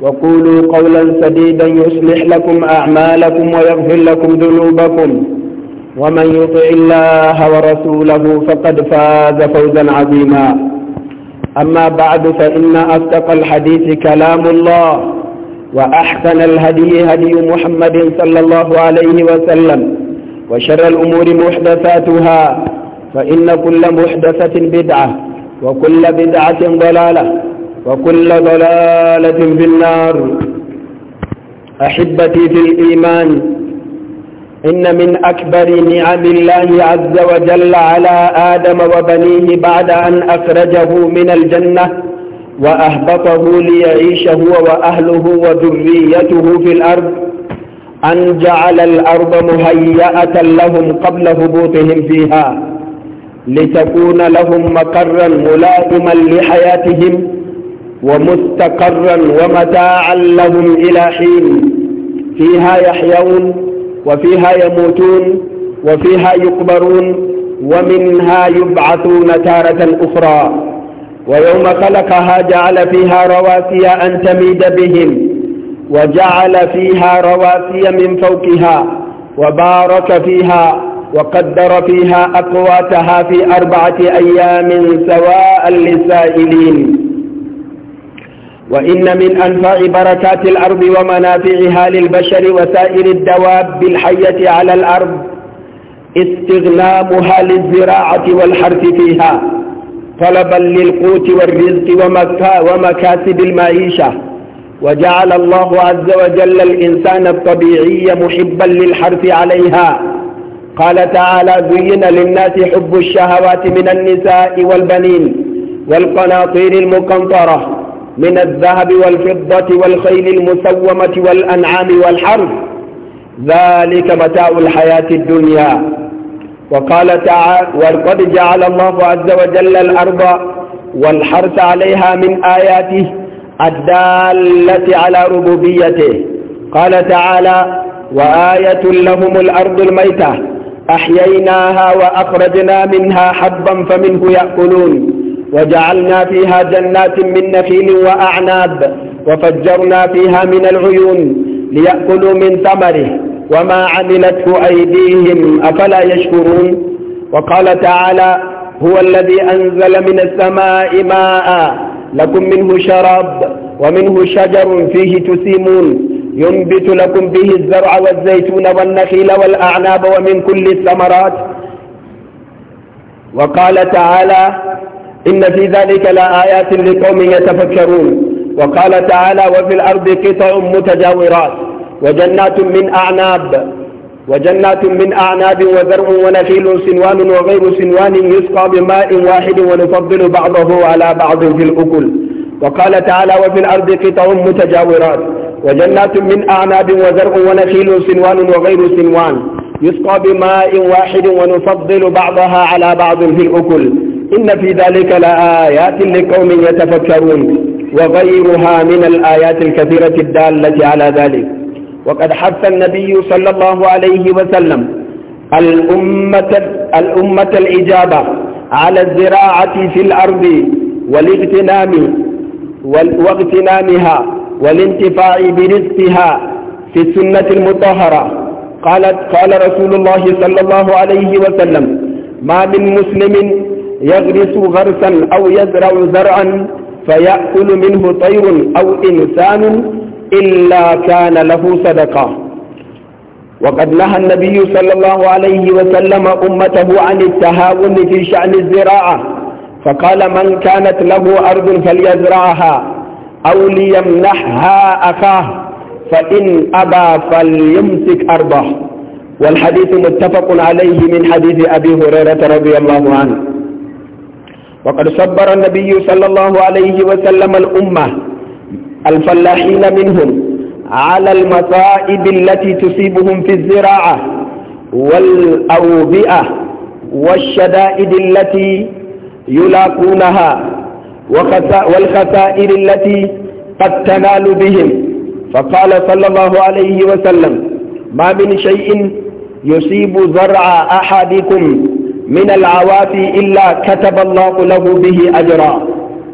وقولوا قولا سديدا يصلح لكم أعمالكم ويغفر لكم ذنوبكم ومن يطع الله ورسوله فقد فاز فوزا عظيما أما بعد فإن أصدق الحديث كلام الله وأحسن الهدي هدي محمد صلى الله عليه وسلم وشر الأمور محدثاتها فإن كل محدثة بدعة وكل بدعة ضلالة وكل ضلالة في النار أحبتي في الإيمان إن من أكبر نعم الله عز وجل على آدم وبنيه بعد أن أخرجه من الجنة وأهبطه ليعيش هو وأهله وذريته في الأرض أن جعل الأرض مهيئة لهم قبل هبوطهم فيها لتكون لهم مقرا ملائما لحياتهم ومستقرا ومتاعا لهم إلى حين فيها يحيون وفيها يموتون وفيها يقبرون ومنها يبعثون تارة أخرى ويوم خلقها جعل فيها رواسي أن تميد بهم وجعل فيها رواسي من فوقها وبارك فيها وقدر فيها أقواتها في أربعة أيام سواء للسائلين وإن من أنفع بركات الأرض ومنافعها للبشر وسائر الدواب الحية على الأرض استغلامها للزراعة والحرث فيها طلبا للقوت والرزق ومكاسب المعيشة وجعل الله عز وجل الإنسان الطبيعي محبا للحرث عليها قال تعالى زين للناس حب الشهوات من النساء والبنين والقناطير المقنطره من الذهب والفضة والخيل المسومة والأنعام والحرب ذلك متاع الحياة الدنيا وقال تعالى وقد جعل الله عز وجل الأرض والحرث عليها من آياته الدالة على ربوبيته قال تعالى وآية لهم الأرض الميتة أحييناها وأخرجنا منها حبا فمنه يأكلون وجعلنا فيها جنات من نخيل وأعناب وفجرنا فيها من العيون ليأكلوا من ثمره وما عملته أيديهم أفلا يشكرون وقال تعالى هو الذي أنزل من السماء ماء لكم منه شراب ومنه شجر فيه تسيمون ينبت لكم به الزرع والزيتون والنخيل والأعناب ومن كل الثمرات وقال تعالى إن في ذلك لآيات لقوم يتفكرون وقال تعالى وفي الأرض قطع متجاورات وجنات من أعناب وجنات من أعناب وذرع ونخيل سنوان وغير سنوان يسقى بماء واحد ونفضل بعضه على بعض في الأكل وقال تعالى وفي الأرض قطع متجاورات وجنات من أعناب وذرع ونخيل سنوان وغير سنوان يسقى بماء واحد ونفضل بعضها على بعض في الأكل إن في ذلك لآيات لقوم يتفكرون وغيرها من الآيات الكثيرة الدالة على ذلك وقد حث النبي صلى الله عليه وسلم الأمة, الأمة الإجابة على الزراعة في الأرض والاغتنام واغتنامها والانتفاع برزقها في السنة المطهرة قالت قال رسول الله صلى الله عليه وسلم ما من مسلم يغرس غرسا أو يزرع زرعا فيأكل منه طير أو إنسان إلا كان له صدقة وقد نهى النبي صلى الله عليه وسلم أمته عن التهاون في شأن الزراعة فقال من كانت له أرض فليزرعها أو ليمنحها أخاه فإن أبى فليمسك أرضه والحديث متفق عليه من حديث أبي هريرة رضي الله عنه وقد صبر النبي صلى الله عليه وسلم الأمة الفلاحين منهم على المصائب التي تصيبهم في الزراعة والأوبئة والشدائد التي يلاقونها والخسائر التي قد تنال بهم فقال صلى الله عليه وسلم ما من شيء يصيب زرع أحدكم من العوافي إلا كتب الله له به أجرا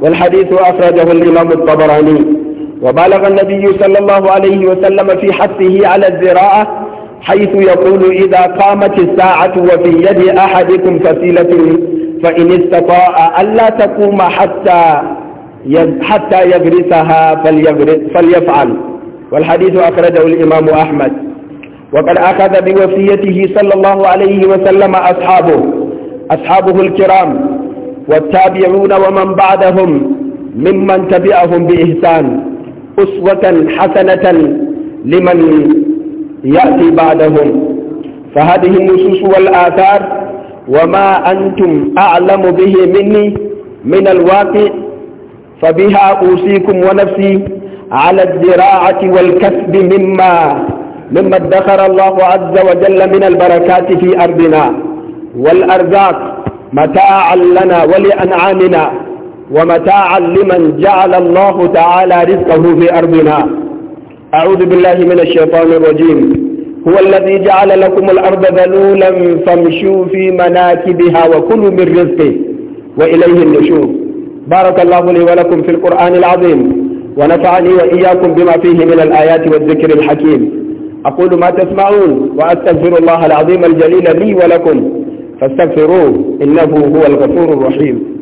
والحديث أخرجه الإمام الطبراني وبالغ النبي صلى الله عليه وسلم في حثه على الزراعة حيث يقول إذا قامت الساعة وفي يد أحدكم فسيلة فإن استطاع ألا تقوم حتى حتى يغرسها فليفعل والحديث أخرجه الإمام أحمد وقد أخذ بوصيته صلى الله عليه وسلم أصحابه أصحابه الكرام والتابعون ومن بعدهم ممن تبعهم بإحسان أسوة حسنة لمن يأتي بعدهم فهذه النصوص والآثار وما أنتم أعلم به مني من الواقع فبها أوصيكم ونفسي على الزراعة والكسب مما مما ادخر الله عز وجل من البركات في أرضنا والأرزاق متاعا لنا ولأنعامنا ومتاعا لمن جعل الله تعالى رزقه في أرضنا أعوذ بالله من الشيطان الرجيم هو الذي جعل لكم الأرض ذلولا فامشوا في مناكبها وكلوا من رزقه وإليه النشور بارك الله لي ولكم في القرآن العظيم ونفعني وإياكم بما فيه من الآيات والذكر الحكيم أقول ما تسمعون وأستغفر الله العظيم الجليل لي ولكم فاستغفروه إنه هو الغفور الرحيم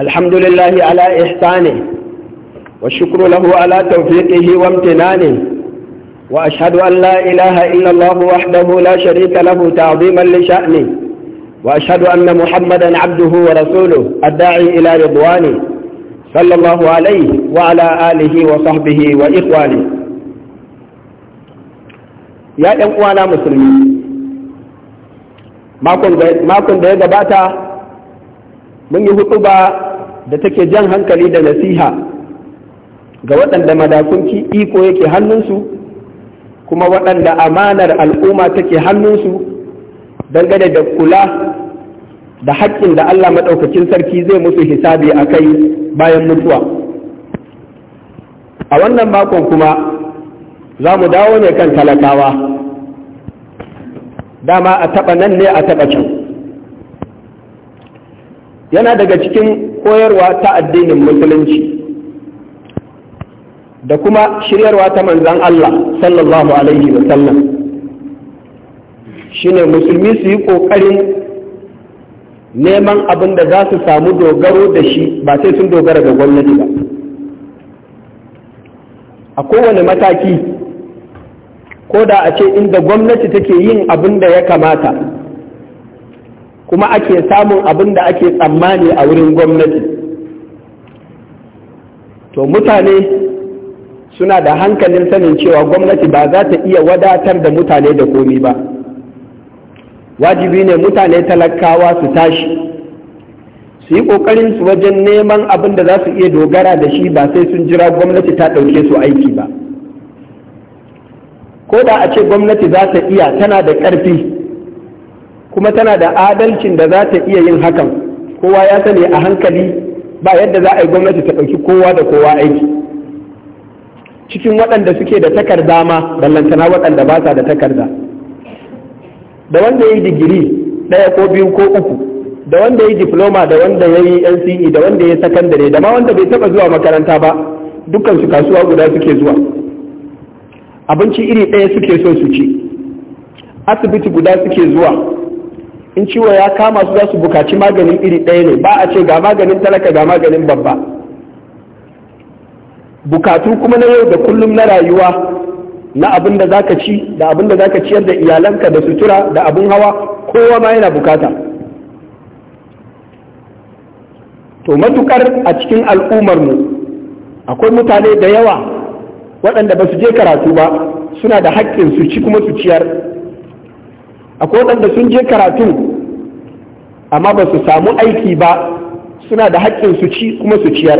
الحمد لله على إحسانه والشكر له على توفيقه وامتنانه وأشهد أن لا إله إلا الله وحده لا شريك له تعظيما لشأنه وأشهد أن محمدا عبده ورسوله الداعي إلى رضواني صلى الله عليه وعلى آله وصحبه وإخواني يا إخوانا مسلمين makon da ya gabata mun yi hutuba da take jan hankali da nasiha ga waɗanda madakunci iko yake hannunsu kuma waɗanda amanar al'umma take hannunsu dangane da kula da haƙƙin da Allah maɗaukacin sarki zai musu hisabi a kai bayan mutuwa a wannan makon kuma za mu dawo ne kan talakawa dama a taɓa nan ne a taɓa can yana daga cikin koyarwa ta addinin musulunci da kuma shiryarwa ta manzan Allah sallallahu alaihi wa sallam shine musulmi su yi ƙoƙarin neman abin da za su samu dogaro da shi ba sai sun dogara da gwamnati ba a kowane mataki ko da a ce inda gwamnati take yin abin da ya kamata kuma ake samun abin da ake tsammani a wurin gwamnati to mutane suna da hankalin sanin cewa gwamnati ba za ta iya wadatar da mutane da komi ba wajibi ne mutane talakawa su tashi su yi ƙoƙarin su wajen neman abin da za su iya dogara da shi ba sai sun jira gwamnati ta ɗauke su aiki ba ko da a ce gwamnati za ta iya tana da ƙarfi kuma tana da adalcin da za ta iya yin hakan kowa ya sani a hankali ba yadda za a yi gwamnati ta ɗauki kowa da kowa aiki cikin waɗanda suke da takarda ma ballantana waɗanda ba sa da takarda da wanda ya yi digiri ɗaya ko biyu ko uku da wanda ya yi diploma da wanda ya yi nce da wanda ya yi sakandare da ma wanda bai taba zuwa makaranta ba dukkan su kasuwa guda suke zuwa abinci iri ɗaya suke so su ci asibiti guda suke zuwa in ciwo ya kama su za su bukaci maganin iri ɗaya ne ba a ce ga maganin talaka ga maganin babba bukatu kuma na yau da kullum na rayuwa na abin da zaka ci da abin da zaka ciyar da iyalanka da sutura da abin hawa kowa ma yana bukata to matukar a cikin al'ummar mu akwai mutane da yawa waɗanda ba su je karatu ba suna da haƙƙin su ci kuma su ciyar akwai waɗanda sun je karatu amma ba su samu aiki ba suna da haƙƙin su ci kuma su ciyar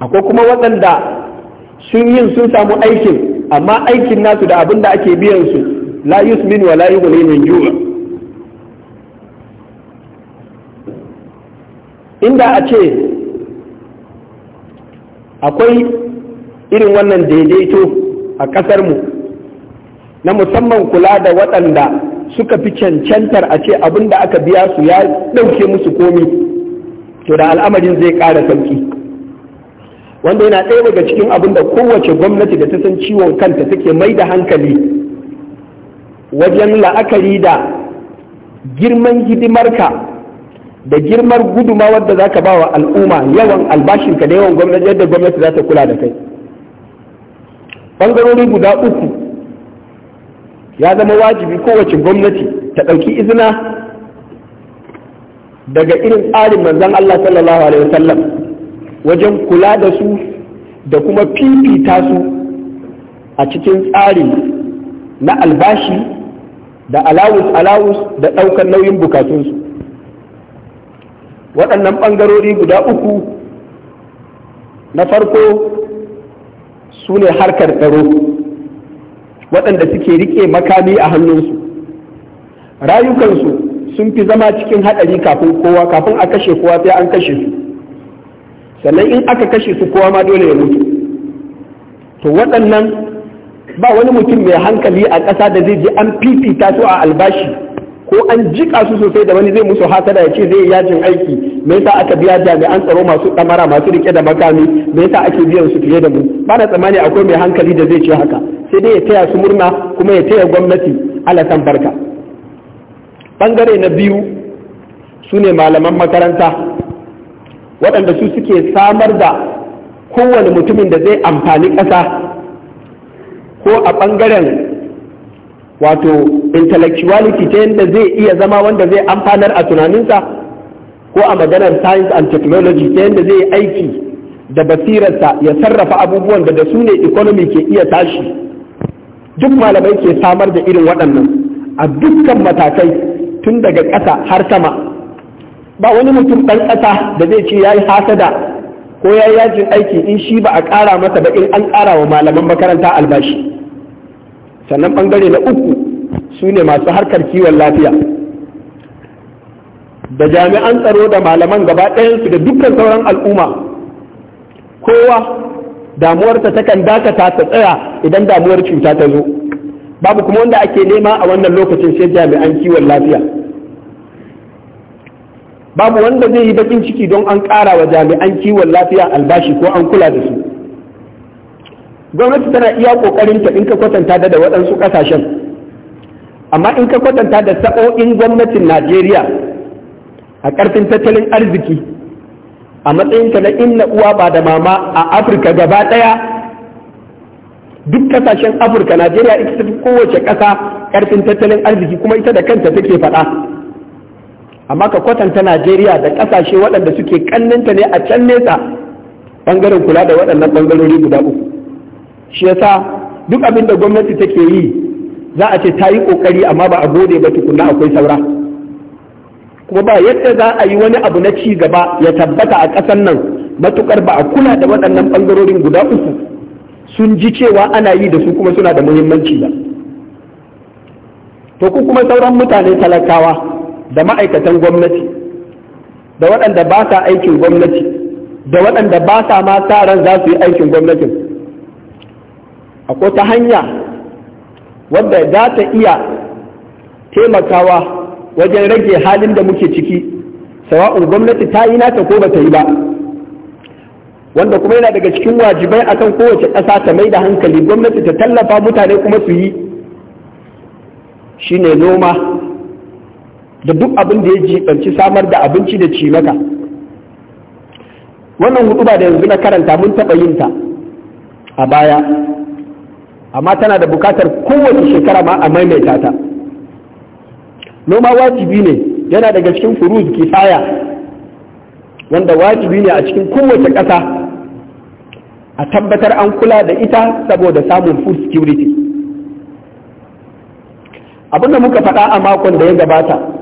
akwai kuma waɗanda sun yin sun samu aikin amma aikin nasu da abin da ake biyan su la yusmin wa la yughni min ju'a inda a ce akwai irin wannan daidaito a mu na musamman kula da waɗanda suka fi cancantar a ce abin da aka biya su ya ɗauke musu komi to da al'amarin zai ƙara sauƙi wanda yana ɗaya daga cikin abin da kowace gwamnati da ta san ciwon kanta take mai da hankali wajen la'akari da girman hidimarka da girmar guduma wadda za ka ba wa al'umma yawan albashinka da yawan gwamnati yadda gwamnati za ta kula da kai ɓangarori guda uku ya zama wajibi kowace gwamnati ta ɗauki izina daga irin tsarin manzon Allah sallallahu alaihi wasallam wajen kula da su da kuma fifita su a cikin tsari na albashi da alawus alawus da ɗaukar nauyin bukatunsu waɗannan ɓangarori guda uku na farko su ne harkar tsaro waɗanda suke riƙe makami a hannunsu rayukansu sun fi zama cikin haɗari kafin kowa kafin a kashe kowa sai an kashe su sannan in aka kashe su kowa ma dole ya mutu to waɗannan ba wani mutum mai hankali a ƙasa da zai je an fifita su a albashi ko an jika su sosai da wani zai musu hasada ya ce zai yajin aiki me yasa aka biya jami'an tsaro masu ɗamara masu rike da makami me yasa ake biyan su fiye da mu ba na tsammani akwai mai hankali da zai ce haka sai dai ya taya su murna kuma ya taya gwamnati alasan barka bangare na biyu su ne malaman makaranta waɗanda su suke samar da kowane mutumin da zai amfani ƙasa ko a ɓangaren wato intellectuality ta yadda zai iya zama wanda zai amfanar a tunaninsa ko a maganar science and technology ta yadda zai aiki da basirarsa ya sarrafa abubuwan da da su ne economy ke iya tashi duk malamai ke samar da irin waɗannan a dukkan matakai tun daga ƙasa har sama ba wani mutum ɗan ƙasa da zai ce ya yi hasada ko ya yi yajin aiki in shi ba a ƙara masa ba in an ƙara wa malaman makaranta albashi sannan ɓangare na uku su ne masu harkar kiwon lafiya da jami'an tsaro da malaman gaba ɗayansu da dukkan sauran al'umma kowa damuwarta takan dakata ta tsaya idan damuwar cuta ta zo babu kuma wanda ake nema a wannan lokacin sai jami'an kiwon lafiya babu wanda zai yi bakin ciki don an ƙara wa jami'an kiwon lafiya albashi ko an kula da su gwamnati tana iya ƙoƙarin ta in ka kwatanta da waɗansu ƙasashen amma in ka kwatanta da sa'o'in gwamnatin najeriya a ƙarfin tattalin arziki a matsayinta na inna uwa ba da mama a afirka gaba ɗaya duk ƙasashen afirka najeriya ita ta fi kowace ƙasa ƙarfin tattalin arziki kuma ita da kanta take faɗa amma ka kwatanta najeriya da kasashe waɗanda suke kanninta ne a can nesa ɓangaren kula da waɗannan ɓangarori guda uku shi yasa duk abin da gwamnati take yi za a ce ta yi ƙoƙari amma ba a gode ba tukunna akwai saura kuma ba yadda za a yi wani abu na ci gaba ya tabbata a ƙasan nan matuƙar ba a kula da waɗannan ɓangarorin guda uku sun ji cewa ana yi da su kuma suna da muhimmanci ba to ku kuma sauran mutane talakawa da ma'aikatan gwamnati da waɗanda ba sa aikin gwamnati da waɗanda ba sa ma sa ran za su yi aikin gwamnatin akwai ta hanya wadda za ta iya taimakawa wajen rage halin da muke ciki sawa'un gwamnati ta yi nata ko ba ta yi ba wanda kuma yana daga cikin wajibai akan kowace ƙasa ta mai da hankali gwamnati ta tallafa mutane kuma su yi shine noma da duk abin da ya jibanci samar da abinci da ci maka wannan ba da yanzu na karanta mun taɓa yin ta a baya amma tana da bukatar kowace shekara ma a maimaita ta noma wajibi ne yana daga cikin furuz kifaya wanda wajibi ne a cikin kowace ƙasa a tabbatar an kula da ita saboda samun food security da muka faɗa a makon da ya gabata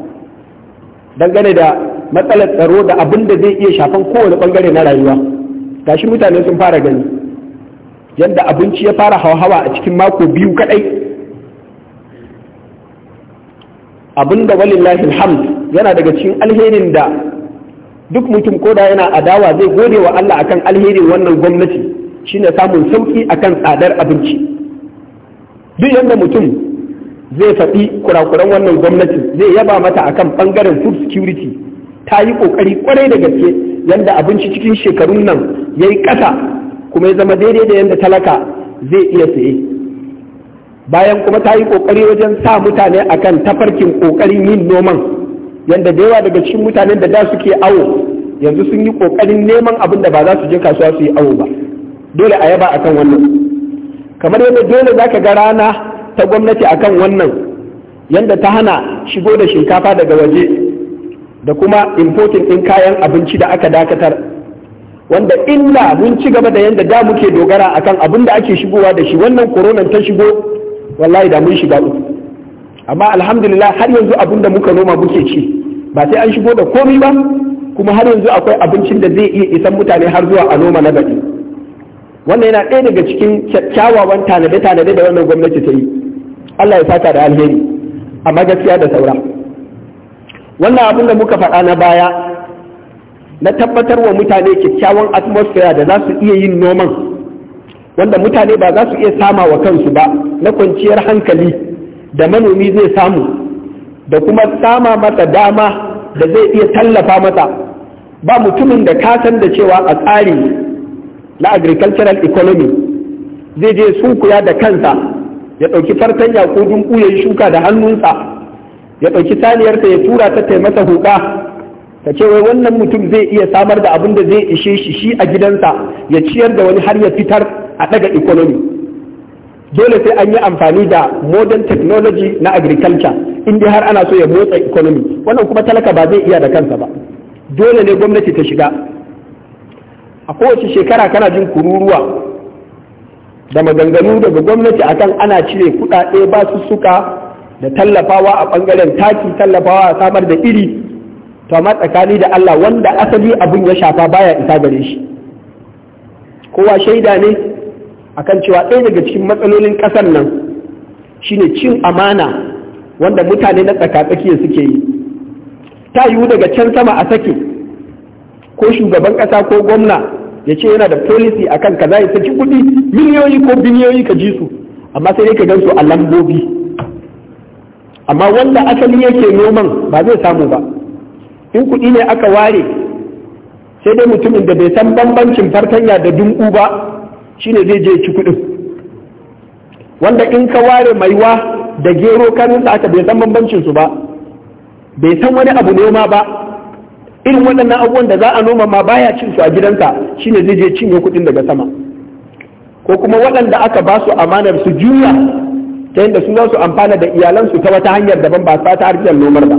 dangane da matsalar tsaro da abin da zai iya shafan kowane bangare na rayuwa gashi mutane sun fara gani yadda abinci ya fara hauhawa a cikin mako biyu kadai abin da walillahi alhamd yana daga cikin alherin da duk mutum koda yana adawa zai gode wa Allah akan alherin wannan gwamnati shine samun sauki akan tsadar abinci duk yadda mutum zai faɗi kurakuran wannan gwamnati zai yaba mata akan bangaren food security ta yi ƙoƙari ƙwarai da gaske yadda abinci cikin shekarun nan ya yi ƙasa kuma ya zama daidai da yadda talaka zai iya saye bayan kuma ta yi ƙoƙari wajen sa mutane akan tafarkin ƙoƙarin yin noman yadda da yawa daga cikin mutanen da da suke awo yanzu sun yi ƙoƙarin neman abin da ba za su je kasuwa su yi awo ba dole a yaba akan wannan kamar yadda dole za ka ga rana ta gwamnati akan wannan yadda ta hana shigo da shinkafa daga waje da kuma importing ɗin kayan abinci da aka dakatar wanda illa mun ci gaba da yadda da muke dogara akan abin da ake shigowa da shi wannan koronan ta shigo wallahi da mun shiga uku amma alhamdulillah har yanzu abin da muka noma muke ci ba sai an shigo da komi ba kuma har yanzu akwai abincin da zai iya isan mutane har zuwa a noma na baɗi wannan yana ɗaya daga cikin kyawawan tanade-tanade da wannan gwamnati ta yi Allah ya saka da alheri amma gaskiya da saura wannan abin da muka faɗa na baya na tabbatar wa mutane kyakkyawan atmosphere da za su iya yin noman wanda mutane ba za su iya sama wa kansu ba na kwanciyar hankali da manomi zai samu da kuma sama mata dama da zai iya tallafa mata ba mutumin da kasan da cewa a tsari na agricultural economy zai je sunkuya da kansa ya ɗauki fartanya ko dunku ya yi shuka da hannunsa ya ɗauki saniyarsa ya tura ta taimasa huɗa ta ce wai wannan mutum zai iya samar da abin da zai ishe shi shi a gidansa ya ciyar da wani har ya fitar a ɗaga economy dole sai an yi amfani da modern technology na agriculture dai har ana so ya motsa economy wannan kuma talaka ba zai iya da kansa ba dole ne gwamnati ta shiga a kowace shekara kana jin kururuwa da maganganu daga gwamnati akan ana cire kudade ba su suka da tallafawa a bangaren taki tallafawa a samar da iri to amma tsakani da Allah wanda asali abin ya shafa baya isa gare shi kowa shaida ne akan cewa ɗaya daga cikin matsalolin ƙasar nan shine cin amana wanda mutane na tsakatsaki suke yi ta yiwu daga can sama a sake ko shugaban ƙasa ko gwamna ya ce yana da policy a akan kaza ya saki kuɗi miliyoyi ko biliyoyi ka ji su amma sai dai ka gansu a lambobi amma wanda asali yake noman ba zai samu ba in kuɗi ne aka ware sai dai mutumin da bai san bambancin fartanya da dunku ba ne zai je ci kuɗin wanda in ka ware maiwa da gero kanin aka bai san bambancin ba bai san wani abu noma ba irin waɗannan abubuwan da za a noma ma baya cin su a gidansa shine zai je cinye kuɗin daga sama ko kuma waɗanda aka ba su amanar su juya ta yadda su za su amfana da iyalansu ta wata hanyar daban ba sa ta harkar nomar ba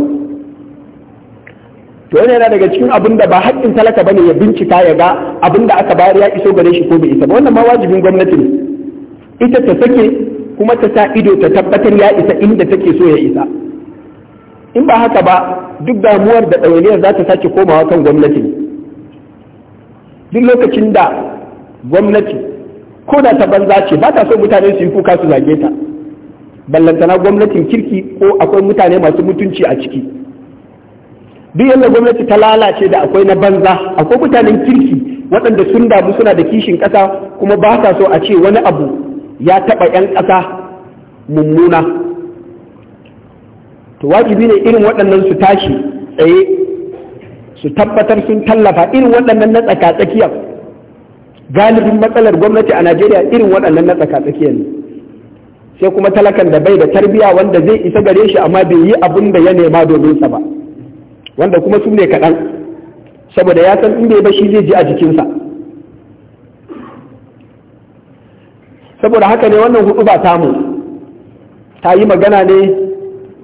to yana daga cikin abin da ba haƙƙin talaka bane ya bincika ya ga abin da aka bayar ya iso gare shi ko bai isa ba wannan ma wajibin gwamnati ne ita ta sake kuma ta sa ido ta tabbatar ya isa inda take so ya isa in ba haka ba duk damuwar da ɗawainiyar za ta sake komawa kan gwamnati duk lokacin da gwamnati ko da ta banza ce ba ta so mutane su yi kuka su zage ta ballantana gwamnatin kirki ko akwai mutane masu mutunci a ciki duk yadda gwamnati ta lalace da akwai na banza akwai mutanen kirki waɗanda sun damu suna da kishin ƙasa kuma ba sa so a ce wani abu ya taɓa 'yan ƙasa mummuna to wajibi ne irin waɗannan su tashi tsaye su tabbatar sun tallafa irin waɗannan na tsaka galibin matsalar gwamnati a najeriya irin waɗannan na tsaka ne sai kuma talakan da bai da tarbiya wanda zai isa gare shi amma bai yi abin da ya nema domin sa ba wanda kuma su ne kaɗan saboda ya san inda ya bashi zai ji a jikinsa saboda haka ne wannan hudu ba tamu ta yi magana ne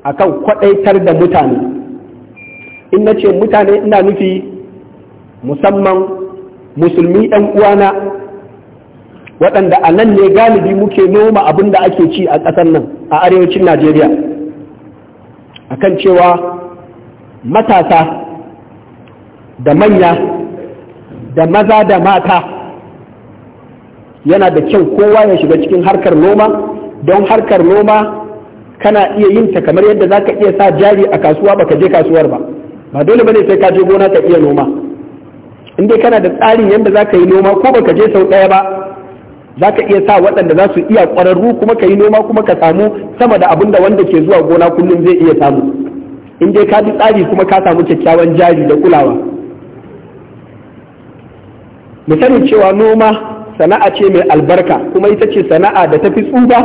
akan kwadaitar da mutane in na ce mutane ina nufi musamman musulmi ɗan uwana waɗanda a nan ne galibi muke noma abin da ake ci a ƙasar nan a arewacin najeriya akan cewa matasa da manya da maza da mata yana da kyau kowa ya shiga cikin harkar noma don harkar noma kana iya yin ta kamar yadda zaka iya sa jari a kasuwa baka je kasuwar ba ba dole bane sai ka je gona ka iya noma in dai kana da tsarin yadda zaka yi noma ko baka je sau ɗaya ba zaka iya sa waɗanda za su iya ƙwararru kuma ka yi noma kuma ka samu sama da abin da wanda ke zuwa gona kullum zai iya samu in dai ka bi tsari kuma ka samu kyakkyawan jari da kulawa mu sani cewa noma sana'a ce mai albarka kuma ita ce sana'a da tafi tsuba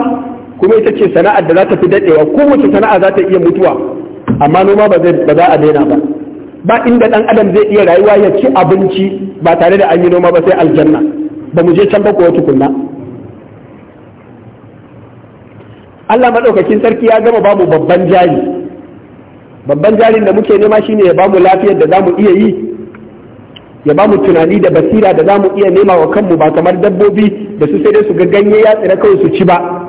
kuma ita ce sana'ar da za ta fi daɗewa, ko wace sana'a za ta iya mutuwa amma noma ba za a daina ba ba inda dan adam zai iya rayuwa ya ci abinci ba tare da an yi noma ba sai aljanna ba mu je can ba ko tukunna Allah maɗaukakin sarki ya gama bamu babban jari babban jarin da muke nema shine ya bamu lafiyar da zamu iya yi ya bamu tunani da basira da zamu iya nema wa kanmu ba kamar dabbobi da su sai dai su ga ganye ya tsira kawai su ci ba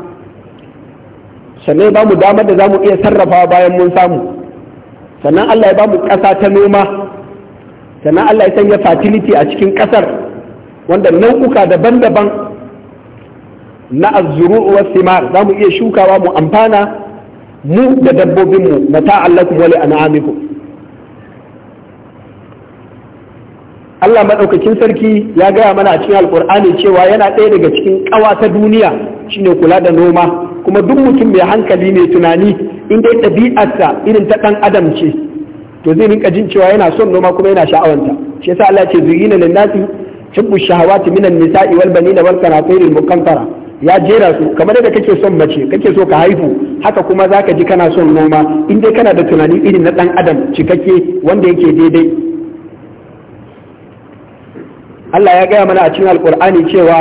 sannan ba mu damar da za mu iya sarrafa bayan mun samu sannan Allah ya ba mu ƙasa ta noma sannan Allah ya sanya fatiliti a cikin ƙasar wanda nau'uka daban-daban na azuru wa simar za mu iya shukawa mu amfana mu da dabbobinmu mata'allakum a li'an'amikum Allah maɗaukakin sarki ya gaya mana a cikin alƙur'ani cewa yana ɗaya daga cikin ƙawa ta duniya shine kula da noma kuma duk mutum mai hankali mai tunani in dai ɗabi'arsa irin ta ɗan adam ce to zai rinka jin cewa yana son noma kuma yana sha'awanta shi yasa Allah ce zuyina lin nasi tubu shahawati minan nisa'i wal banina wal qanatiril muqantara ya jera su kamar yadda kake son mace kake so ka haihu haka kuma zaka ji kana son noma in dai kana da tunani irin na ɗan adam cikakke wanda yake daidai Allah ya gaya mana a cikin alkur'ani cewa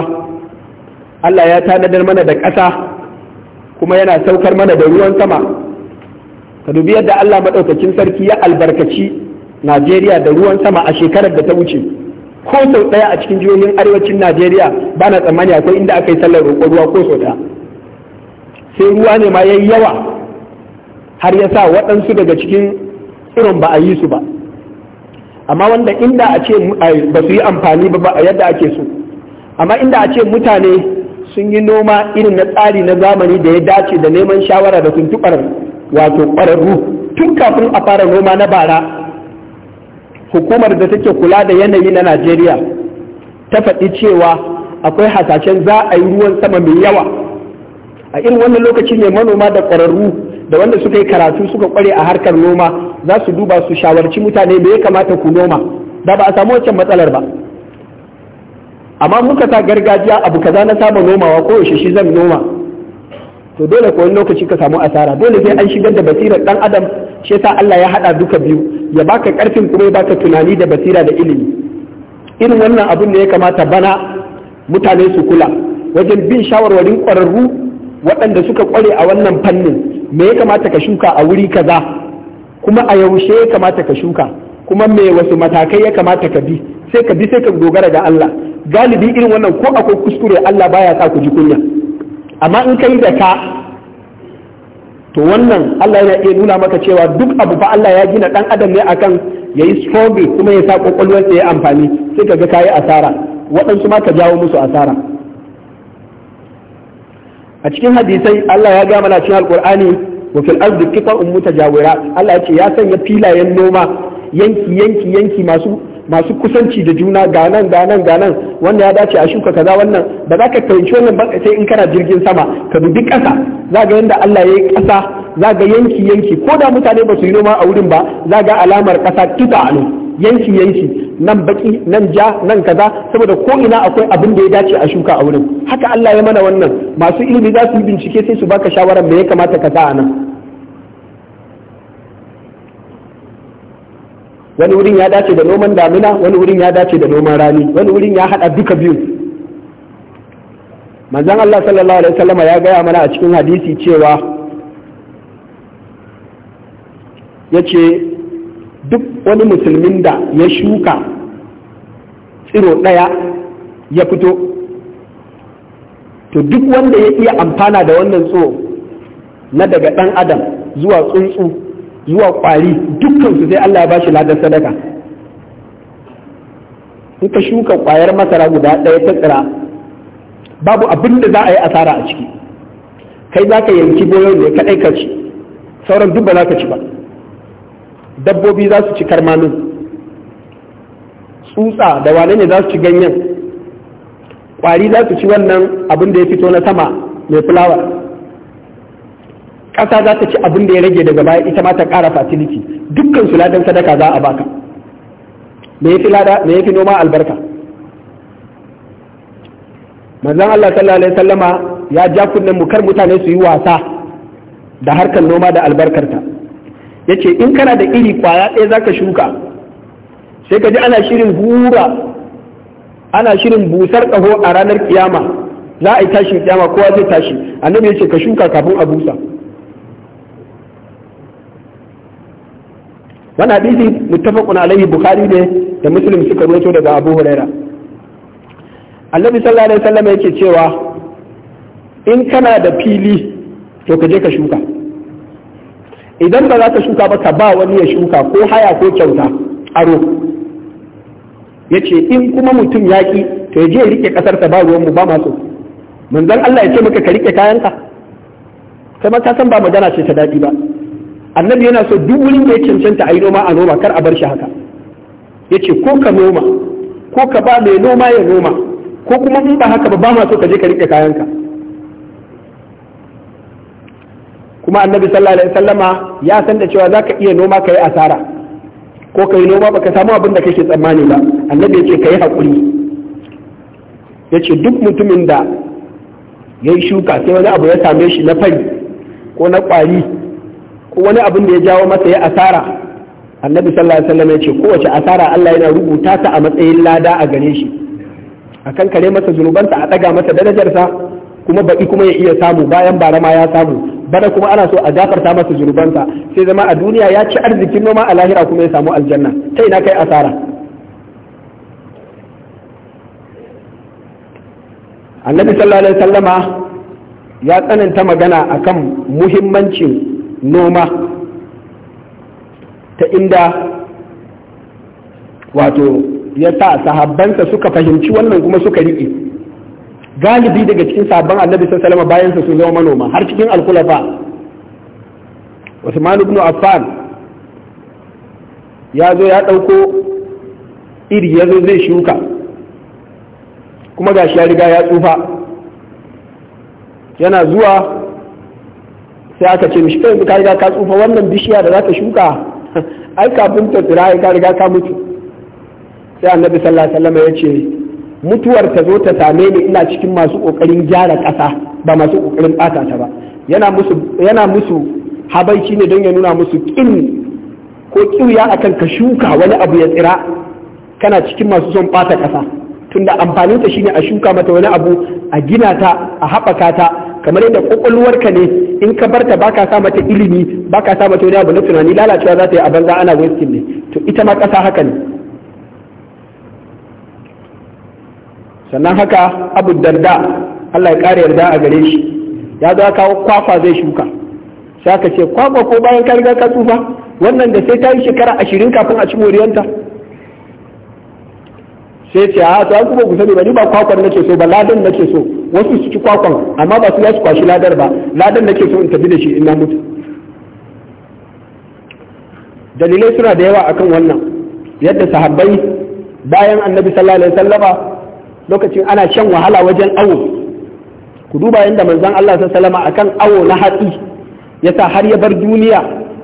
Allah ya tanadar mana da ƙasa kuma yana saukar mana da ruwan sama ka dubi yadda Allah maɗaukacin sarki ya albarkaci Najeriya da ruwan sama a shekarar da ta wuce ko sau ɗaya a cikin jihohin arewacin Najeriya ba na tsammani akwai inda aka yi sallar roƙon ruwa ko sau ɗaya sai ruwa ne ma ya yi yawa har ya sa waɗansu daga cikin tsiron ba a yi su ba amma wanda inda a ce ba su yi amfani ba yadda ake so amma inda a ce mutane sun yi noma irin na tsari na zamani da ya dace da neman shawara da tuntuɓar wato ƙwararru tun kafin a fara noma na bara hukumar da take kula da yanayi na najeriya ta faɗi cewa akwai hasashen za a yi ruwan sama mai yawa a irin wannan lokaci ne manoma da ƙwararru da wanda suka yi karatu suka ƙware a harkar noma za su duba su shawarci mutane me ya kamata ku noma da ba a samu wancan matsalar ba amma muka sa gargajiya abu kaza na saba nomawa ko yaushe shi zan noma to dole ko wani lokaci ka samu asara dole sai an shigar da basirar dan adam shi yasa Allah ya hada duka biyu ya baka karfin kuma ya baka tunani da basira da ilimi irin wannan abun ne ya kamata bana mutane su kula wajen bin shawarwarin ƙwararru waɗanda suka ƙware a wannan fannin me ya kamata ka shuka a wuri kaza kuma a yaushe ya kamata ka shuka kuma me wasu matakai ya kamata ka bi sai ka bi sai ka dogara ga Allah galibi irin wannan ko akwai kuskure Allah baya sa ku ji kunya amma in kai da ka to wannan Allah yana iya nuna maka cewa duk abu fa Allah ya gina dan adam ne akan yayi struggle kuma ya sa kokolwar ya amfani sai kaga kayi asara waɗansu ma ka jawo musu asara a cikin hadisai Allah ya ga mana cikin alqur'ani wa fil ardi qita'un mutajawirat Allah ya ce ya sanya filayen noma yanki yanki yanki masu masu kusanci da juna ga nan ga nan ga nan wannan ya dace a shuka kaza wannan ba za ka fahimci wannan ba sai in kana jirgin sama ka dubi kasa za ga yanda Allah ya yi ƙasa za ga yanki yanki ko da mutane ba su yi noma a wurin ba za ga alamar kasa tuka a nan yanki yanki nan baki nan ja nan kaza saboda ko ina akwai abin da ya dace a shuka a wurin haka Allah ya mana wannan masu ilimi za su yi bincike sai su baka shawarar me ya kamata ka sa a nan wani wurin ya dace da noman damina wani wurin ya dace da noman rani wani wurin ya hada duka biyu manzon Allah sallallahu alaihi wasallam ya gaya mana a cikin hadisi cewa yace duk wani musulmin da ya shuka tsiro ɗaya ya fito to duk wanda ya iya amfana da wannan tsoro na daga ɗan adam zuwa tsuntsu zuwa kwari dukkansu sai Allah ya shi ladar sadaka in ka shuka ƙwayar masara guda ɗaya ta tsira babu abin da za a yi asara a ciki kai za ka yanki goyon ne kaɗai ka ci sauran duk ba za ka ci ba dabbobi za su ci karmamin tsutsa da wane ne za su ci ganyen Ƙwari za su ci wannan abin da ya fito na sama mai fulawa ƙasa za ta ci abin da ya rage daga baya ita ma ta ƙara fatiliti dukkan su ladan sadaka za a baka me yafi lada me yafi noma albarka manzon Allah sallallahu alaihi wasallama ya ja kunnen mu kar mutane su yi wasa da harkar noma da albarkarta yace in kana da iri kwaya ɗaya zaka shuka sai ka ji ana shirin hura ana shirin busar kaho a ranar kiyama za a yi tashin kiyama kowa zai tashi annabi yace ka shuka kafin a busa wani hadisi mutafakun alaihi bukhari ne da muslim suka rawaito daga abu huraira annabi sallallahu alaihi wasallam yake cewa in kana da fili to ka je ka shuka idan ba za ka shuka ba ka ba wani ya shuka ko haya ko kyauta aro ce in kuma mutum yaki to ya je ya rike kasar ba ruwanmu ba masu manzon Allah ya ce maka ka rike kayanka kai ma ka san ba magana ce ta daɗi ba annabi yana so duk wurin da ya cancanta a yi noma a noma kar a bar shi haka ya ce ko ka noma ko ka ba mai noma ya noma ko kuma in ba haka ba ba ma so ka je ka riƙe kayanka kuma annabi sallallahu alaihi sallama ya san da cewa za ka iya noma ka yi asara ko ka yi noma baka samu abin da kake tsammani ba annabi ya ce ka yi haƙuri ya ce duk mutumin da ya yi shuka sai wani abu ya same shi na fari ko na ƙwari wani abin da ya jawo masa ya asara annabi sallallahu alaihi wasallam ya ce kowace asara Allah yana rubuta ta a matsayin lada a gare shi akan kare masa zunubansa a daga masa darajarsa kuma baki kuma ya iya samu bayan bara ma ya samu bana kuma ana so a gafarta masa zunubansa sai zama a duniya ya ci arzikin noma a lahira kuma ya samu aljanna ta ina kai asara annabi sallallahu alaihi wasallama ya tsananta magana akan muhimmancin noma ta inda wato ya sa sahabbansa suka fahimci wannan kuma suka riƙe galibi daga cikin sabon annabi Salama bayansa su zama manoma har cikin alkulafa Usman ibn Affan ya zo ya ɗauko iri ya zo zai shuka kuma gashi ya riga ya tsufa yana zuwa sai aka ce mishi kai ka riga ka tsufa wannan bishiya da zaka shuka ai kafin ta tsira ka riga ka mutu sai annabi sallallahu alaihi wasallam ya ce mutuwar ta zo ta same ni ina cikin masu kokarin gyara ƙasa ba masu kokarin bata ta ba yana musu yana musu habaici ne don ya nuna musu kin ko ƙiya akan ka shuka wani abu ya tsira kana cikin masu son bata kasa tunda amfanin ta shine a shuka mata wani abu a gina ta a haɓaka ta kamar yadda kwakwalwarka ne in ka barta baka sa mata ilimi baka sa mata wani abu na tunani lalacewa za ta yi a banza ana wasting ne to ita ma kasa haka ne sannan haka abu darda Allah ya kare yarda a gare shi ya zo kawo kwakwa zai shuka sai aka ce kwakwa ko bayan ka riga ka tsufa wannan da sai ta yi shekara ashirin kafin a ci moriyanta sai ce a ah, to an kuma ku sani ba ni ba kwakwan nake so ba ladan nake so wasu su ci kwakwan amma ba su za su kwashi ladar ba ladan nake so in tafi da shi in na mutu dalilai suna da yawa akan wannan yadda sahabbai bayan annabi sallallahu alaihi wasallama lokacin ana shan wahala wajen awo ku duba yadda manzon Allah sallallahu alaihi wasallama akan awo na hatsi yasa har ya bar duniya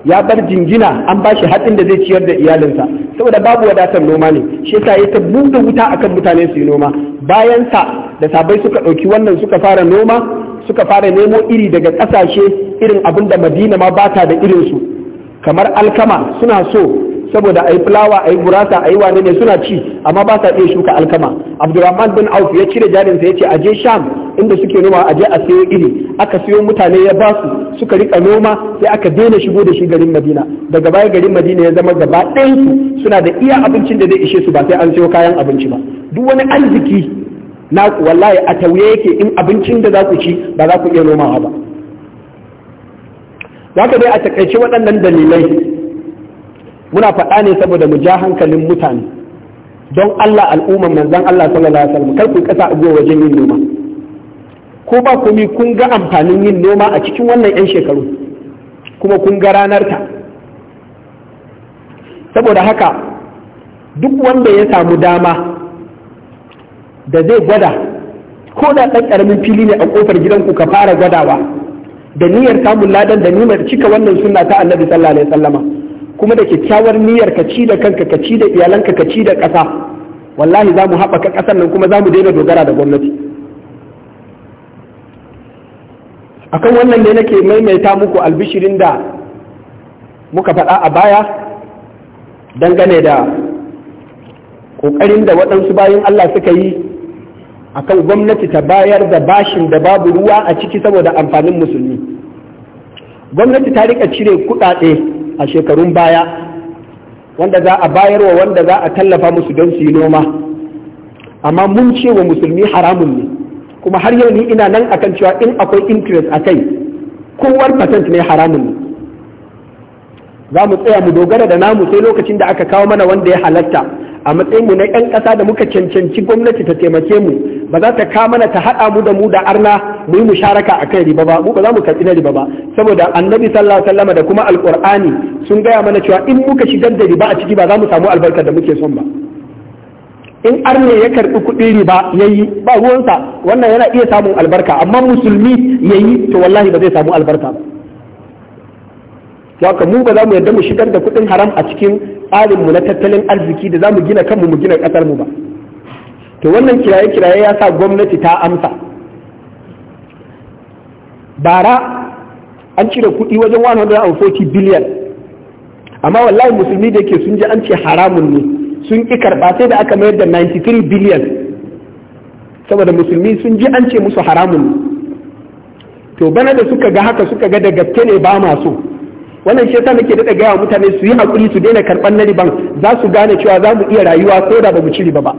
ya bar jingina an bashi haɗin da zai ciyar da iyalinsa saboda babu wadatar noma ne shi yasa ya ta buɗe wuta akan mutane su yi noma bayan sa da sabai suka ɗauki wannan suka fara noma suka fara nemo iri daga ƙasashe irin abin da madina ma bata da irinsu kamar alkama suna so saboda ayi fulawa ayi gurasa ayi wane ne suna ci amma ba sa iya shuka alkama Abdulrahman bin auf ya cire jarinsa ya ce a je sham inda suke noma a je a sayo iri aka siyo mutane ya basu suka rika noma sai aka daina shigo da shi garin madina daga baya garin madina ya zama gaba ɗayansu suna da iya abincin da zai ishe su ba sai an siyo kayan abinci ba duk wani arziki na wallahi a tauye yake in abincin da za ku ci ba za ku iya nomawa ba za ka dai a takaice waɗannan dalilai muna faɗa ne saboda mu ja hankalin mutane don Allah al'umman manzon Allah sallallahu alaihi wasallam kar ku kasa ugo wajen yin noma ko ba ku mi kun ga amfanin yin noma a cikin wannan yan shekaru kuma kun ga ranar ta saboda haka duk wanda ya samu dama da zai gwada ko da ɗan ƙaramin fili ne a ƙofar gidanku ka fara gwadawa da niyyar samun ladan da niyyar cika wannan sunna ta annabi sallallahu alaihi wasallama kuma da kyakkyawar niyyar ka ci da kanka ka ci da iyalanka ka ci da ƙasa wallahi za mu haɓaka ƙasar nan kuma za mu daina dogara da gwamnati akan wannan ne nake maimaita muku albishirin da muka faɗa a baya dangane da ƙoƙarin da waɗansu bayan Allah suka yi akan gwamnati ta bayar da bashin da babu ruwa a ciki saboda amfanin musulmi gwamnati ta rika cire kuɗaɗe a shekarun baya wanda za a bayarwa wanda za a tallafa musu don su yi noma amma mun ce wa musulmi haramun ne kuma har yau ni ina nan akan cewa in akwai interest a kai kowar patent ne haramun ne za mu tsaya mu dogara da namu sai lokacin da aka kawo mana wanda ya halatta a matsayinmu na 'yan ƙasa da muka cancanci gwamnati ta taimake mu ba za ta ka mana ta haɗa mu da mu da arna mu yi musharaka a kai riba ba mu ba za mu karɓi na riba ba saboda annabi sallallahu alaihi wasallam da kuma alqur'ani sun gaya mana cewa in muka shigar da riba a ciki ba za mu samu albarka da muke son ba in arne ya karɓi kuɗi riba yayi ba ruwansa wannan yana iya samun albarka amma musulmi yayi to wallahi ba zai samu albarka ba haka mu ba za mu yarda mu shigar da kuɗin haram a cikin tsarinmu na tattalin arziki da za mu gina kanmu mu gina ƙasarmu ba to wannan kiraye-kiraye ya sa gwamnati ta amsa bara an cire kuɗi wajen 140 biliyan amma wallahi musulmi da ke sun ji an ce haramun ne sun ƙi karɓa sai da aka mayar da 93 biliyan saboda musulmi sun ji an ce musu haramun ne to bana da suka ga haka suka ga da gaske ne ba masu wannan shi yasa nake daɗa gaya wa mutane su yi haƙuri su daina karɓar na riban za su gane cewa za mu iya rayuwa ko da ba mu ci riba ba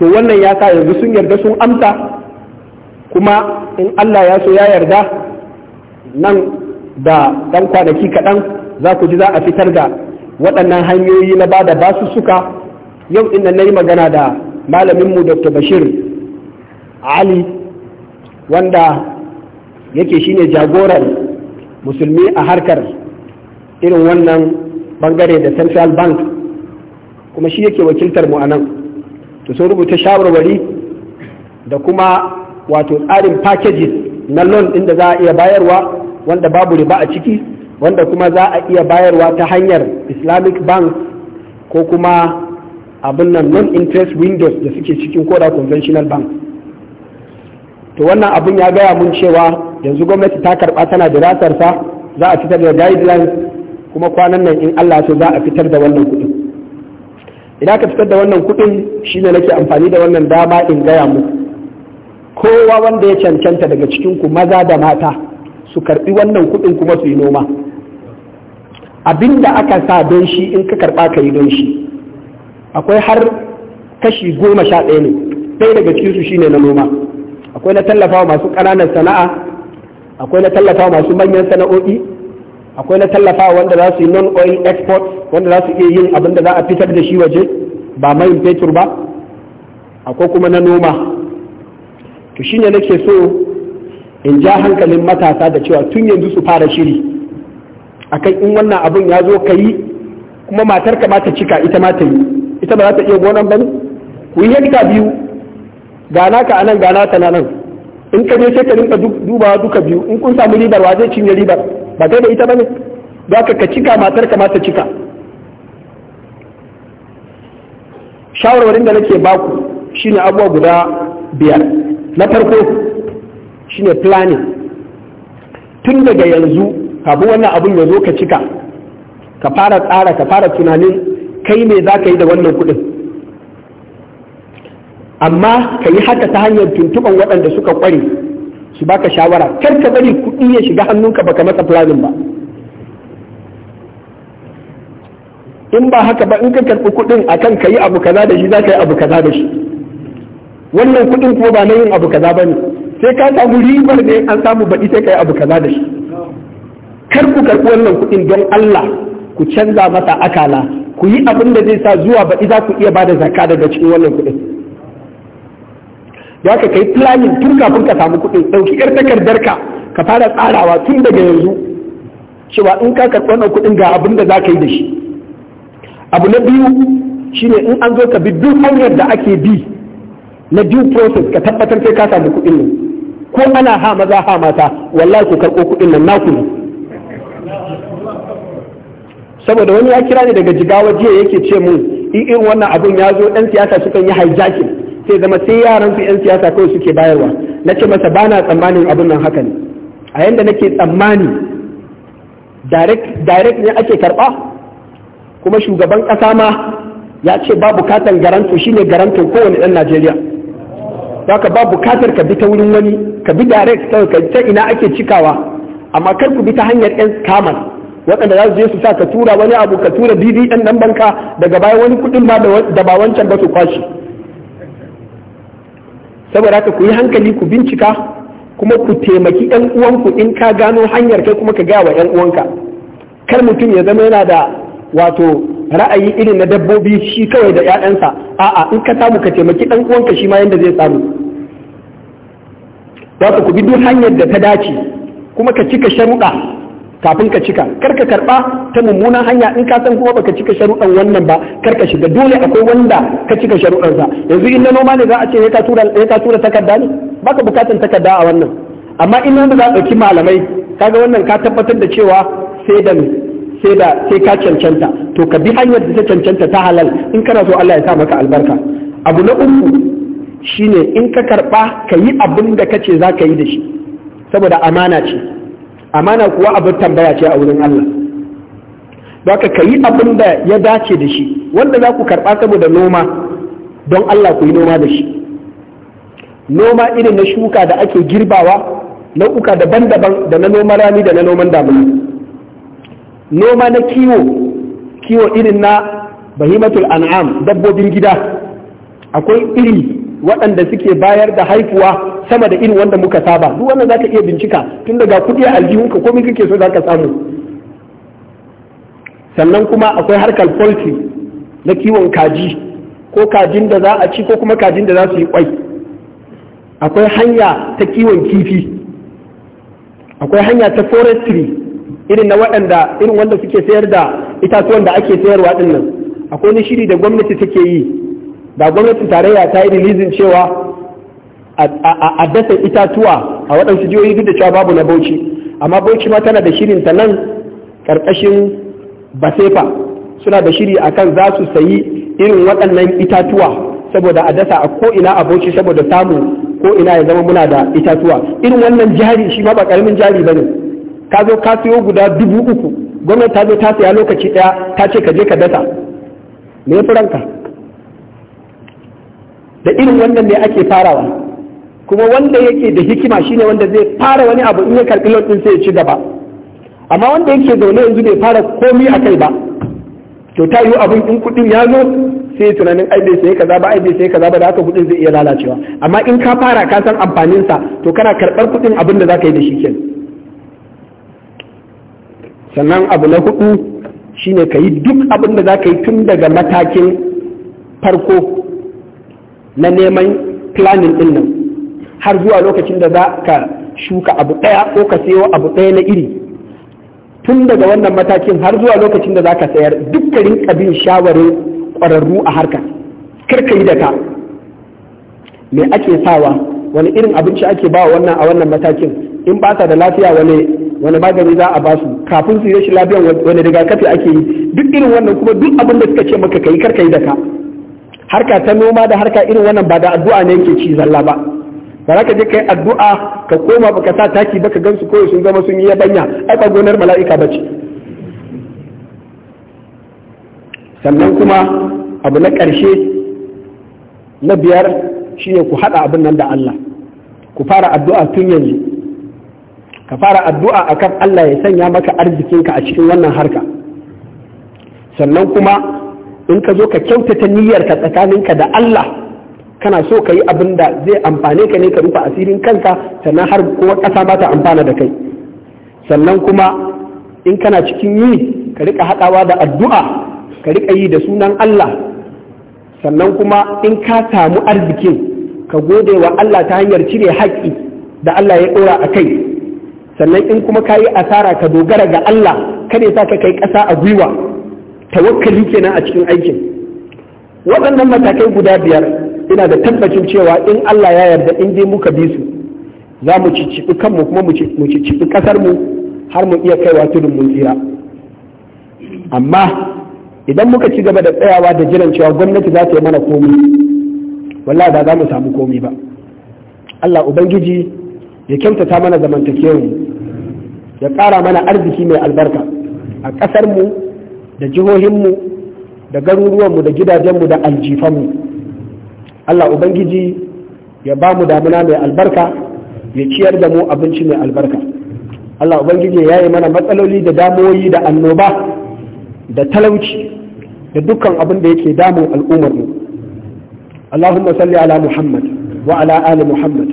to wannan ya sa yanzu sun yarda sun amsa kuma in Allah ya so ya yarda nan da ɗan kwanaki kaɗan za ku ji za a fitar da waɗannan hanyoyi na bada basu suka yau inda na yi magana da malaminmu dr bashir ali wanda yake shine jagoran musulmi a harkar irin wannan bangare da central bank kuma shi yake wakiltar mu a nan to sun rubuta shawarwari da kuma wato tsarin packages na loan inda da za a iya bayarwa wanda babu riba a ciki wanda kuma za a iya bayarwa ta hanyar islamic bank ko kuma abin nan non-interest windows da suke cikin koda conventional bank to wannan abin ya gaya mun cewa yanzu gwamnati ta karba tana dirasarsa za a fitar da guidelines kuma kwanan nan in allah so za a fitar da wannan kuɗin idan ka fitar da wannan kuɗin shi ne nake amfani da wannan dama in gaya muku kowa wanda ya cancanta daga cikin ku maza da mata su karɓi wannan kuɗin kuma su yi noma abin da aka sa don shi in ka karɓa ka yi don shi akwai har kashi goma sha ɗaya ne ɗaya daga cikin su shine na noma akwai na tallafawa masu ƙananan sana'a akwai na tallafawa masu manyan sana'o'i akwai na tallafa wanda za su yi non oil export wanda za su iya yin abin da za a fitar da shi waje ba mai fetur ba akwai kuma na noma to shine nake so in ja hankalin matasa da cewa tun yanzu su fara shiri akan in wannan abin ya zo ka yi kuma matar ka ba ta cika ita ma ta yi ita ba za ta iya gonan ba ne ku yi hekta biyu gana ka anan gana ta nan in ka je sai ka rinka dubawa duka biyu in kun samu ribar wa zai cinye ribar ba kai da ita ba ne? ba ka cika matar ka ta cika shawarwarin da nake baku shine abubuwa guda biyar na farko shine planning tun daga yanzu kafin wannan abun ya zo ka cika ka fara tsara ka fara tunanin kai ne za ka yi da wannan kuɗin amma ka yi haka ta hanyar tuntuban waɗanda suka ƙware su baka shawara kar ka bari kuɗi ya shiga hannunka baka masa planning ba in ba haka ba in ka karɓi kuɗin akan ka yi abu kaza da shi za ka yi abu kaza da shi wannan kuɗin kuma ba na yin abu kaza ba ne sai ka samu ribar ne an samu baɗi sai ka yi abu kaza da shi kar ku karɓi wannan kuɗin don Allah ku canza masa akala ku yi abin da zai sa zuwa baɗi za ku iya ba da zakka daga cikin wannan kuɗin ya ka kai planning tun kafin ka samu kuɗin ɗauki ƴar takardar ka ka fara tsarawa tun daga yanzu cewa in ka karɓi wannan kuɗin ga abin da za ka yi da shi abu na biyu shine in an zo ka bi duk hanyar da ake bi na due process ka tabbatar sai ka samu kuɗin nan ko ana ha maza ha mata wallahi ku karɓo kuɗin nan naku ne saboda wani ya kira ni daga jigawa jiya yake ce mun in irin wannan abin ya zo ɗan siyasa sukan yi hijacking sai zama sai yaran su 'yan siyasa kawai suke bayarwa na ce masa bana tsammanin abin nan haka ne a yadda nake tsammani direct ne ake karba kuma shugaban kasa ma ya ce ba bukatar garanto shine garanto kowane ɗan najeriya ka ba bukatar ka bi ta wurin wani ka bi direct ta ina ake cikawa amma kar ku bi ta hanyar 'yan kamar waɗanda za su je su sa ka tura wani abu ka tura dd ɗan nan banka daga baya wani kuɗin ba da ba wancan ba su kwashi saboda haka ku yi hankali ku bincika kuma ku taimaki yan uwanku in ka gano hanyar kai kuma ka gaya wa yan uwanka kar mutum ya zama yana da wato ra'ayi irin na dabbobi shi kawai da 'ya'yansa a'a in ka samu ka taimaki dan uwanka shi ma yanda zai samu wato ku bi duk hanyar da ta dace kuma ka cika sharuɗa kafin ka cika kar ka karba ta mummunan hanya in ka san kuma baka cika sharuɗan wannan ba kar ka shiga dole akwai wanda ka cika sharuɗan sa yanzu in na noma ne za a ce ya ka tura ya ka tura takarda ne baka bukatan takarda a wannan amma in wanda za a ɗauki malamai kaga wannan ka tabbatar da cewa sai da sai da sai ka cancanta to ka bi hanyar da ta cancanta ta halal in kana so Allah ya sa maka albarka abu na uku shine in ka karba ka yi abin da kace za ka yi da shi saboda amana ce amana kuwa abin tambaya ce a wurin Allah don ka yi abin da ya dace da shi wanda za ku karɓa saboda noma don Allah ku yi noma da shi noma irin na shuka da ake girbawa nau'uka daban-daban da na noman rani da na noman damuna noma na kiwo kiwo irin na bahimatul an'am dabbobin gida akwai iri waɗanda suke bayar da haifuwa sama da irin wanda muka saba duk wannan zaka iya bincika tun daga kudi a aljihunka komai kake so zaka samu sannan kuma akwai harkar poultry na kiwon kaji ko kajin da za a ci ko kuma kajin da za su yi kwai akwai hanya ta kiwon kifi akwai hanya ta forestry irin na waɗanda irin wanda suke sayar da itatuwan da ake sayarwa ɗin akwai na shiri da gwamnati take yi da gwamnatin tarayya ta yi rilizin cewa a dasa itatuwa a waɗansu jihohi duk da cewa babu na bauchi amma bauchi ma tana da shirin ta nan ƙarƙashin basefa suna da shiri akan za su sayi irin waɗannan itatuwa saboda a dasa a ko'ina a bauchi saboda samu ko'ina ya zama muna da itatuwa irin wannan jari shi ma ba ƙaramin jari ba ne ka zo ka siyo guda dubu uku gwamnati ta zo ta saya lokaci ɗaya ta ce ka je ka dasa me ya ranka da irin wannan ne ake farawa kuma wanda yake da hikima shine wanda zai fara wani abu in ya karbi lokacin sai ya ci gaba amma wanda yake zaune yanzu bai fara komi a kai ba to ta yiwu abin in kudin ya zo sai ya tunanin ai bai sai kaza ba ai bai sai kaza ba da haka kudin zai iya lalacewa amma in ka fara ka san amfanin sa to kana karbar kudin abin da zaka yi da shi kenan sannan abu na hudu shine ka yi duk abin da zaka yi tun daga matakin farko na neman planning din nan har zuwa lokacin da za ka shuka abu daya ko ka sayo abu daya na iri tun daga wannan matakin har zuwa lokacin da za ka sayar dukkanin abin shawarin ƙwararru a harkar karka yi da ka me ake sawa wani irin abinci ake ba wannan a wannan matakin in ba ta da lafiya wani wani magani za a ba su kafin su yi rashin lafiyan wani rigakafi ake yi duk irin wannan kuma duk abin da suka ce maka kai karka yi da ka harka ta noma da harka irin wannan ba da addu'a ne yake ci zalla ba ba za ka je kai addu'a ka koma ka sa taki ba ka gan su kawai sun zama sun yi yabanya ai ba gonar mala'ika ba ce sannan kuma abu na ƙarshe na biyar shine ku haɗa abin nan da Allah ku fara addu'a tun yanzu ka fara addu'a akan Allah ya sanya maka arzikinka a cikin wannan harka sannan kuma in ka zo ka kyautata niyyarka tsakaninka da Allah kana so ka yi abin da zai amfane ka ne ka rufe asirin kanka sannan har kowa ƙasa ba ta amfana da kai sannan kuma in kana cikin yi ka rika haɗawa da addu'a ka rika yi da sunan Allah sannan kuma in ka samu arzikin ka gode wa Allah ta hanyar cire haƙƙi da Allah ya ɗora a kai sannan in kuma ka yi asara ka dogara ga Allah kada ya sa ka kai ƙasa a gwiwa tawakkali kenan a cikin aikin waɗannan matakai guda biyar ina da tabbacin cewa in Allah ya yarda in dai muka bi su za mu cicciɓi kanmu kuma mu cicciɓi mu har mu iya kaiwa tudun mun tsira amma idan muka ci gaba da tsayawa da jiran cewa gwamnati za ta yi mana komi wallahi ba za mu samu komai ba Allah ubangiji ya kyautata mana zamantakewa ya ƙara mana arziki mai albarka a ƙasar mu. da jihohinmu da garuruwanmu da gidajenmu da aljifanmu Allah Ubangiji ya ba mu damuna mai albarka ya ciyar da mu abinci mai albarka Allah Ubangiji ya yi mana matsaloli da damoyi da annoba da talauci da dukkan abin da yake damun al'ummarmu Allahumma salli ala Muhammad wa ala ali Muhammad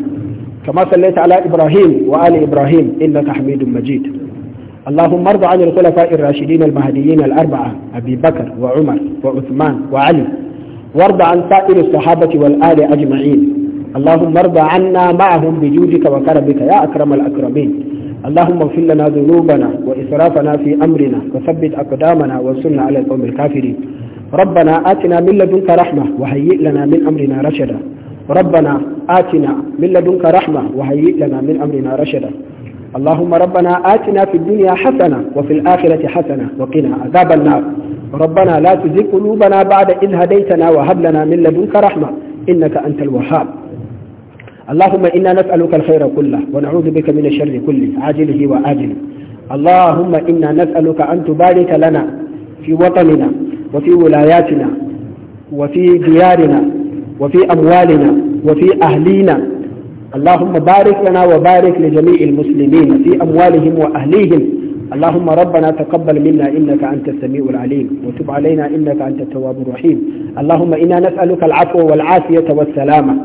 كما ala Ibrahim wa ali ibrahim innaka حميد majid اللهم ارض عن الخلفاء الراشدين المهديين الأربعة أبي بكر وعمر وعثمان وعلي وارض عن سائر الصحابة والآل أجمعين اللهم ارض عنا معهم بجودك وكرمك يا أكرم الأكرمين اللهم اغفر لنا ذنوبنا وإسرافنا في أمرنا وثبت أقدامنا وانصرنا على القوم الكافرين ربنا آتنا من لدنك رحمة وهيئ لنا من أمرنا رشدا ربنا آتنا من لدنك رحمة وهيئ لنا من أمرنا رشدا اللهم ربنا آتنا في الدنيا حسنة وفي الآخرة حسنة وقنا عذاب النار ربنا لا تزغ قلوبنا بعد إذ هديتنا وهب لنا من لدنك رحمة إنك أنت الوهاب اللهم إنا نسألك الخير كله ونعوذ بك من الشر كله عاجله وآجله اللهم إنا نسألك أن تبارك لنا في وطننا وفي ولاياتنا وفي ديارنا وفي أموالنا وفي أهلينا اللهم بارك لنا وبارك لجميع المسلمين في أموالهم وأهليهم اللهم ربنا تقبل منا إنك أنت السميع العليم وتب علينا إنك أنت التواب الرحيم اللهم إنا نسألك العفو والعافية والسلامة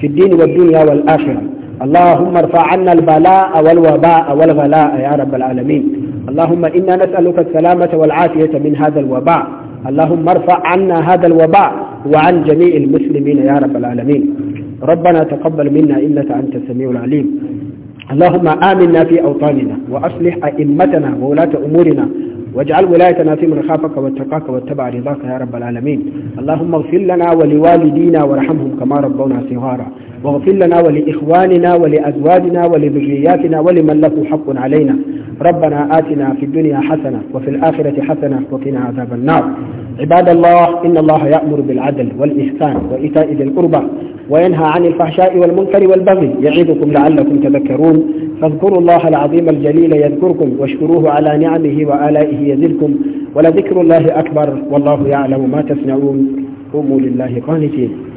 في الدين والدنيا والآخرة اللهم ارفع عنا البلاء والوباء والغلاء يا رب العالمين اللهم إنا نسألك السلامة والعافية من هذا الوباء اللهم ارفع عنا هذا الوباء وعن جميع المسلمين يا رب العالمين ربنا تقبل منا إنك أنت السميع العليم اللهم آمنا في أوطاننا وأصلح أئمتنا وولاة أمورنا واجعل ولايتنا في من خافك واتقاك واتبع رضاك يا رب العالمين اللهم اغفر لنا ولوالدينا وارحمهم كما ربونا صغارا واغفر لنا ولإخواننا ولأزواجنا ولذرياتنا ولمن له حق علينا ربنا آتنا في الدنيا حسنة وفي الآخرة حسنة وقنا عذاب النار عباد الله إن الله يأمر بالعدل والإحسان وإيتاء ذي القربى وينهى عن الفحشاء والمنكر والبغي يعظكم لعلكم تذكرون فاذكروا الله العظيم الجليل يذكركم واشكروه على نعمه وآلائه يزدكم ولذكر الله أكبر والله يعلم ما تصنعون قوموا لله قانتين